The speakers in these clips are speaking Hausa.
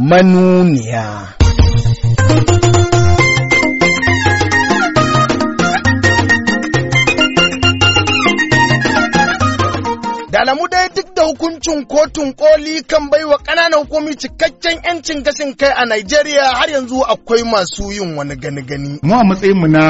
manuniya. Da alamu dai duk da hukuncin kotun koli kan bai wa ƙananan hukumi cikakken 'yancin gasin kai a Najeriya har yanzu akwai masu yin wani gani-gani. Mu a matsayin mu na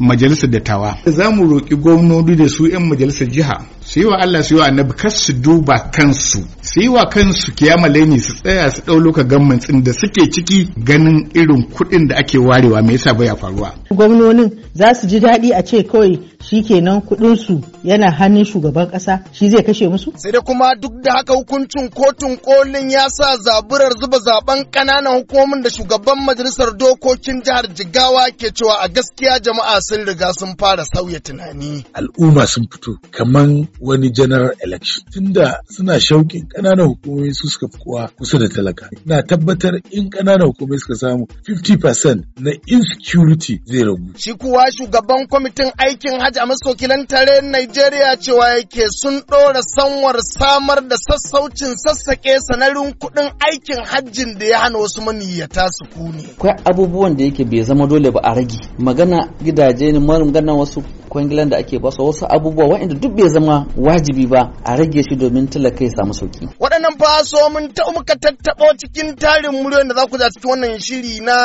majalisar dattawa. Za mu roƙi gwamnoni da su 'yan majalisar jiha su yi wa Allah su yi wa annabi kar su duba kansu su yi wa kansu kiyamalai ne su tsaya su ɗau loka gamman da suke ciki ganin irin kuɗin da ake warewa me yasa baya faruwa. Gwamnonin za su ji daɗi a ce kawai shikenan kudin su yana hannun shugaban ƙasa shi zai kashe musu sai da kuma duk da haka hukuncin kotun kolin ya sa zaburar zuba zaben ƙananan hukumomin da shugaban majalisar dokokin jihar Jigawa ke cewa a gaskiya jama'a sun riga sun fara sauya tunani al'umma sun fito kamar wani general election tunda suna shauƙin kananan hukumomi su suka fi kowa kusa da talaka na tabbatar in ƙananan hukumomi suka samu 50% na insecurity zai ragu shi kuwa shugaban kwamitin aikin hajji Jamus wakilan tare najeriya cewa yake sun ɗora sanwar samar da sassaucin sassaƙe sanarin kuɗin aikin hajjin da ya hana wasu maniyyata su kune. Akwai abubuwan da yake bai zama dole ba a rage. Magana gidaje ne magana wasu kwangilan da ake su wasu abubuwa waɗanda duk bai zama wajibi ba a rage shi domin talaka ya samu sauki. Waɗannan fa so mun ta muka tattaɓo cikin tarin muryoyin da za ku za cikin wannan shiri na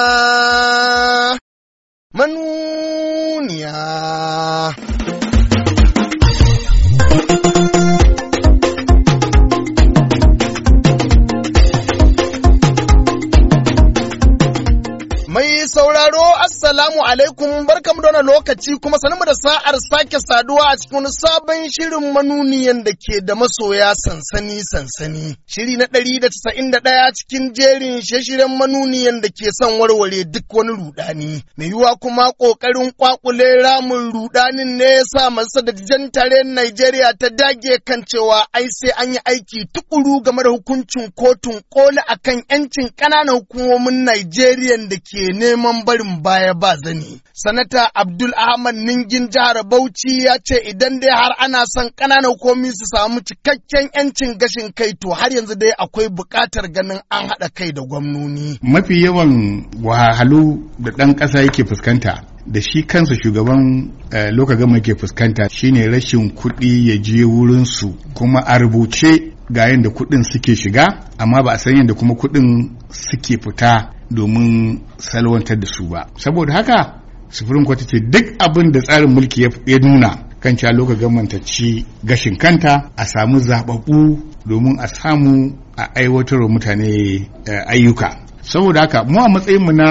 manu Manuniya. Mai sauraro Assalamu alaikum barkamu da wannan lokaci kuma sanmu da sa'ar sake saduwa a cikin sabon shirin manuniyan da ke da masoya sansani sansani. Shiri na ɗari da casa'in da ɗaya cikin jerin shashiren manuniyan da ke son warware duk wani rudani. Mai yiwuwa kuma ƙoƙarin ƙwaƙule ramin rudanin ne ya sa masu jan tare Najeriya ta dage kan cewa ai sai an yi aiki tukuru game da hukuncin kotun koli akan 'yancin ƙananan hukumomin Najeriya da ke neman barin baya ba zani. Sanata Abdul Ahmad Ningin jihar Bauchi ya ce idan dai har ana son ƙananan komi su samu cikakken 'yancin gashin kai to har yanzu dai akwai buƙatar ganin an haɗa kai da gwamnoni. Mafi yawan wahalhalu da ɗan ƙasa yake fuskanta da shi kansa shugaban loka gama ke fuskanta shine rashin kuɗi ya je wurinsu kuma a rubuce ga yadda kuɗin suke shiga amma ba a san yadda kuma kuɗin suke fita domin salwantar da su ba saboda haka sufurin kwata ce duk abin da tsarin mulki ya nuna kan cewa loka gamanta ci gashin kanta a samu zababu domin a samu a aiwatarwa mutane eh, ayyuka saboda haka mu a matsayinmu na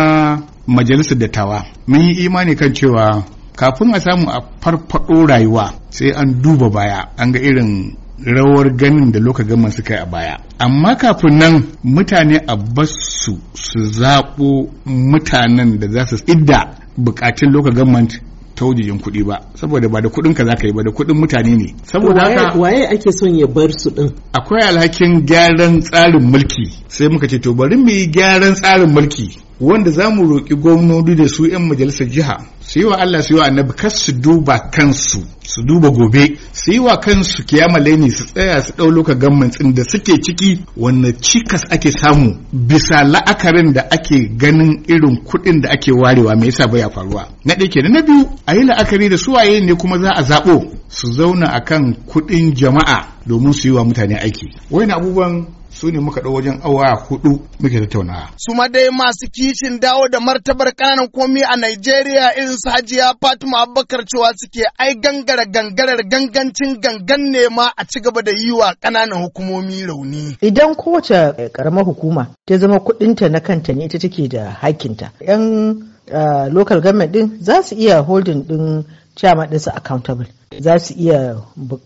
majalisar dattawa mun yi imani kan cewa kafin a samu a farfaɗo rayuwa sai an duba baya an ga irin rawar ganin da loka gama suka yi a baya amma kafin nan mutane a basu su zaɓo mutanen da za su idda bukatun loka gama ta wujijin kuɗi ba saboda ba da kuɗin ka zaka yi ba da kuɗin mutane ne saboda haka waye ake son ya bar su din akwai alhakin gyaran tsarin mulki sai muka ce to bari mu yi gyaran tsarin mulki wanda za mu roƙi gwamnoni da su 'yan majalisar jiha su yi wa Allah su yi wa annabi kar su duba kansu su duba gobe su yi wa kansu kiyama laini su tsaya su ɗau loka tsin da suke ciki wanne cikas ake samu bisa la'akarin da ake ganin irin kuɗin da ake warewa me yasa baya faruwa na ɗaya kenan na biyu a yi la'akari da suwaye ne kuma za a zaɓo su zauna akan kuɗin jama'a domin su yi wa mutane aiki wani abubuwan su ne muka ɗau wajen awa hudu muke tattaunawa. su ma dai masu kishin dawo da martabar ƙananan komi a Najeriya irin su Hajiya Fatima Abubakar cewa suke ai gangara gangarar gangancin gangan ne ma a ci gaba da yi wa ƙananan hukumomi rauni. Idan kowace eh, ƙaramar hukuma ta zama kuɗinta na kanta ne ita take da hakinta. 'Yan Uh, eh, local government din za su iya holding ɗin chairman su accountable za su iya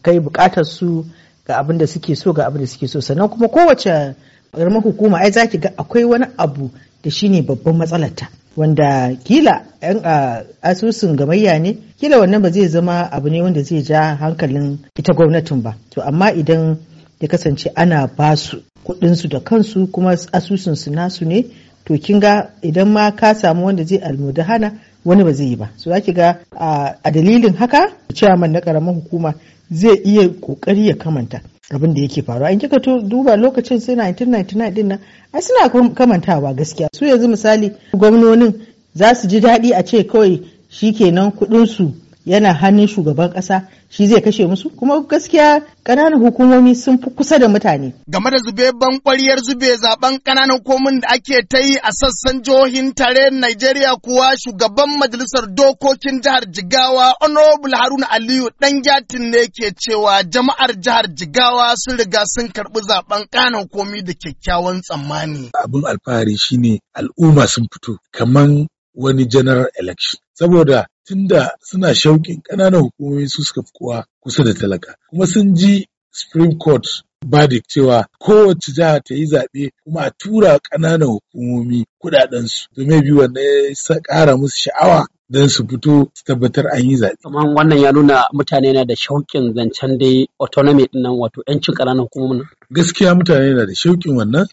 kai bukatar su ga abin da suke so ga abin da suke so sannan kuma kowace ƙaramar hukuma ai zaki ga akwai wani abu da shine babban matsalarta wanda kila yan asusun gamayya ne kila wannan ba zai zama abu ne wanda zai ja hankalin ita gwamnatin ba to amma idan ya kasance ana ba su kuɗinsu da kansu kuma asusun su nasu ne to kin ga idan ma ka samu wanda zai hana wani ba zai yi ba so zaki ga a dalilin haka ciyaman na karamar hukuma zai iya kokari ya kamanta abin da yake faruwa in kika duba lokacin sai 1999 din nan ai suna kamantawa gaskiya su yanzu misali gwamnonin za su ji daɗi a ce kawai shikenan kuɗin su yana hannun shugaban kasa shi zai kashe musu kuma gaskiya ƙananan hukumomi sun fi kusa da mutane. Game da zube ban kwariyar zube zaben ƙananan komin da ake ta yi a sassan jihohin tare Najeriya kuwa shugaban majalisar dokokin jihar Jigawa Honorable Haruna Aliyu ɗan gyatin ne ke cewa jama'ar jihar Jigawa sun riga sun karɓi zaben ƙananan komi da kyakkyawan tsammani. Abin alfahari shine al'umma sun fito kaman wani general election. Saboda tunda suna shauƙin ƙananan hukumomi su suka fi kowa kusa da talaka kuma sun ji supreme court da cewa kowace jiha ta yi zaɓe kuma a tura ƙananan hukumomi kuɗaɗensu domin biyu wanda ya ƙara musu sha'awa don su fito su tabbatar an yi zaɓe. Amma wannan ya nuna mutane na da shauƙin zancen dai autonomy ɗin wato ‘yancin ƙananan hukumomin. Gaskiya mutane na da shauƙin wannan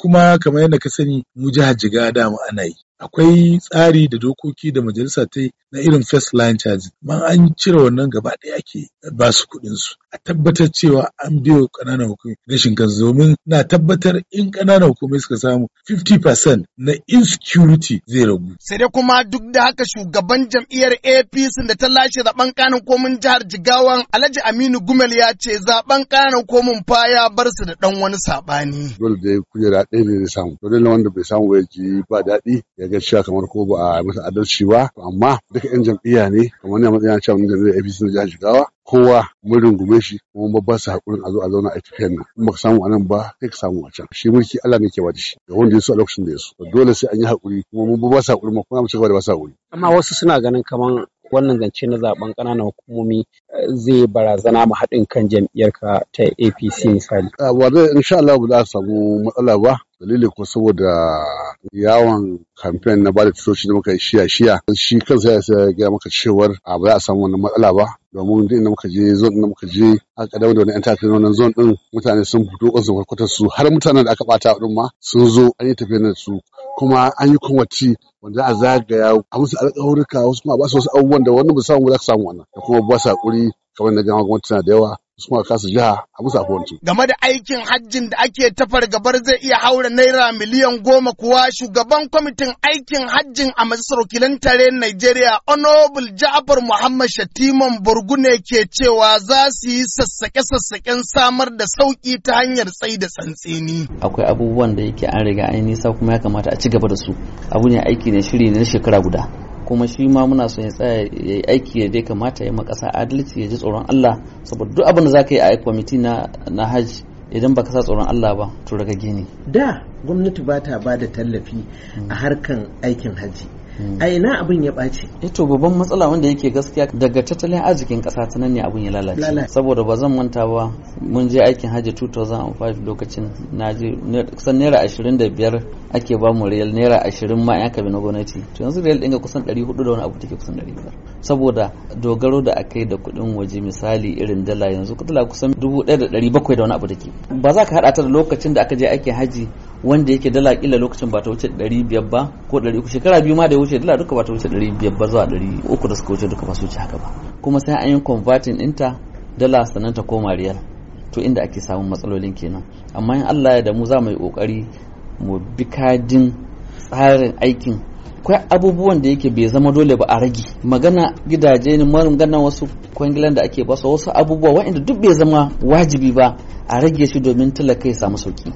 kuma kamar yadda ka sani mu jiha jiga dama ana yi akwai tsari da dokoki da majalisa ta yi na irin first line charges amma an cire wannan gaba ɗaya ake ba su kuɗin su a tabbatar cewa an biyo ƙananan hukumai Na kansu domin na tabbatar in ƙananan hukumai suka samu 50% na insecurity zai ragu sai dai kuma duk da haka shugaban jam'iyyar APC da ta lashe zaben kanin komin jihar Jigawa, Alhaji Aminu Gumel ya ce zaben ƙananan komin fa ya bar su da dan wani sabani dole dai kujera ɗaya ne zai samu dole wanda bai samu ya ji ba daɗi ya ga cewa kamar ko ba a masa adalci ba amma duka yan jam'iyya ne kamar ne matsayin cewa mun jam'iyyar APC na jihar Jigawa kowa mun rungume shi kuma mun su hakurin a zo a zauna a tafiyar nan in baka samu anan ba sai ka samu a can shi mulki Allah ne ke ba da shi ga wanda ya so a lokacin da ya so dole sai an yi hakuri kuma mun ba su hakuri ma kuma mun ci gaba da ba su hakuri amma wasu suna ganin kamar wannan zance na zaben ƙananan hukumomi eh, zai barazana mu haɗin kan jam'iyyarka ta APC misali. Eh, ba zai insha Allah ba za a samu matsala ba dalili kuma saboda yawon kamfen na bada tutoci da muka yi shiya shiya shi kansa ya gaya maka cewar a ba za a samu wannan matsala ba domin duk inda muka je zon da muka je aka dawo da wani yan takarar wannan zon din mutane sun fito kwasu kwarkwatar su har mutanen da aka bata din ma sun zo an yi tafiyar da su kuma an yi kwamati wanda a zagaya a musu alƙawarka wasu kuma ba su wasu abubuwan da wani ba samu ba za ka samu wannan da kuma ba su haƙuri kamar da gama gwamnati tana da yawa su kuma kasu jiha a bisa kowace. Game da aikin hajjin da ake tafar gabar zai iya haura naira miliyan goma kuwa shugaban kwamitin aikin hajjin a majalisar wakilan tare Najeriya Honorable Ja'afar Muhammad Shatiman Burgune ke cewa za su yi sassaƙe-sassaƙen samar da sauƙi ta hanyar tsai da tsantseni. Akwai abubuwan da yake an riga an yi nisa kuma ya kamata a ci gaba da su. Abu ne aiki ne shiri ne na shekara guda. kuma shi ma muna son ya tsaya ya yi aiki ya dai kamata ya makasa adalci ya ji tsoron Allah saboda duk abin da za ka yi a kwamiti na na hajj idan ka sa tsoron Allah ba to daga gini da gwamnati ba ta ba da tallafi a hmm. harkan aikin hajji Hmm. a ina abin ya ɓaci ito eh babban matsala wanda yake gaskiya daga tattalin arzikin ƙasa ta nan ne abin ya lalace saboda ba zan manta ba mun je aikin hajji 2005 lokacin na je kusan naira 25 ake ba mu real naira 20 ma yan kabi na gwamnati to yanzu real ɗin kusan kusan 400 da wani abu take kusan 500 saboda dogaro da akai da kuɗin waje misali irin dala yanzu dala kusan 1700 da wani abu take ba za ka haɗa ta da lokacin da aka je aikin hajji wanda yake dala kila lokacin ba ta wuce 500 ba ko 300 shekara biyu ma da ya wuce dala duka ba ta wuce 500 ba zuwa 300 da suka wuce duka ba su wuce haka ba kuma sai an yi converting ɗinta dala sannan ta koma riyal to inda ake samun matsalolin kenan amma in Allah ya da mu za mu yi kokari mu bi kadin tsarin aikin kwai abubuwan da yake bai zama dole ba a rage magana gidaje ne magana wasu kwangilan da ake basu wasu abubuwa wa'inda duk bai zama wajibi ba a rage shi domin talaka ya samu sauki.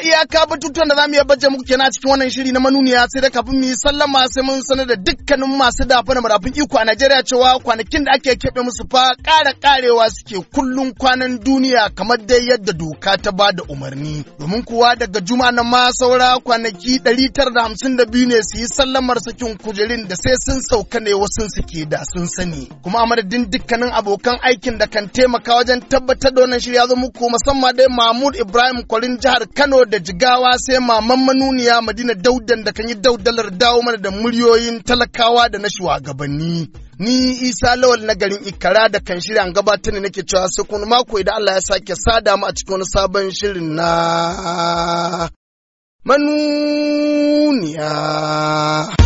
iya iyaka batutuwan da zamu iya baje muku kenan cikin wannan shiri na manuniya sai da kafin mu yi sallama sai mun sanar da dukkanin masu dafa da marafin iko a Najeriya cewa kwanakin da ake keɓe musu fa ƙara ƙarewa suke kullun kwanan duniya kamar dai yadda doka ta ba da umarni. Domin kuwa daga juma na ma saura kwanaki ɗari da hamsin ne su yi sallamar sakin kujerin da sai sun sauka ne wasu suke da sun sani. Kuma a madadin dukkanin abokan aikin da kan taimaka wajen tabbatar da wannan shiri ya zo muku musamman dai Mahmud Ibrahim Kwarin jihar Kano da Jigawa sai maman manuniya Madina Daudan da kan yi daudalar dawo mana da muryoyin talakawa da na shugabanni. Ni Isa Lawal na garin Ikara da kan shirya gabatar da nake cewa sai kun mako idan Allah ya sake sada mu a cikin wani sabon shirin na manuniya.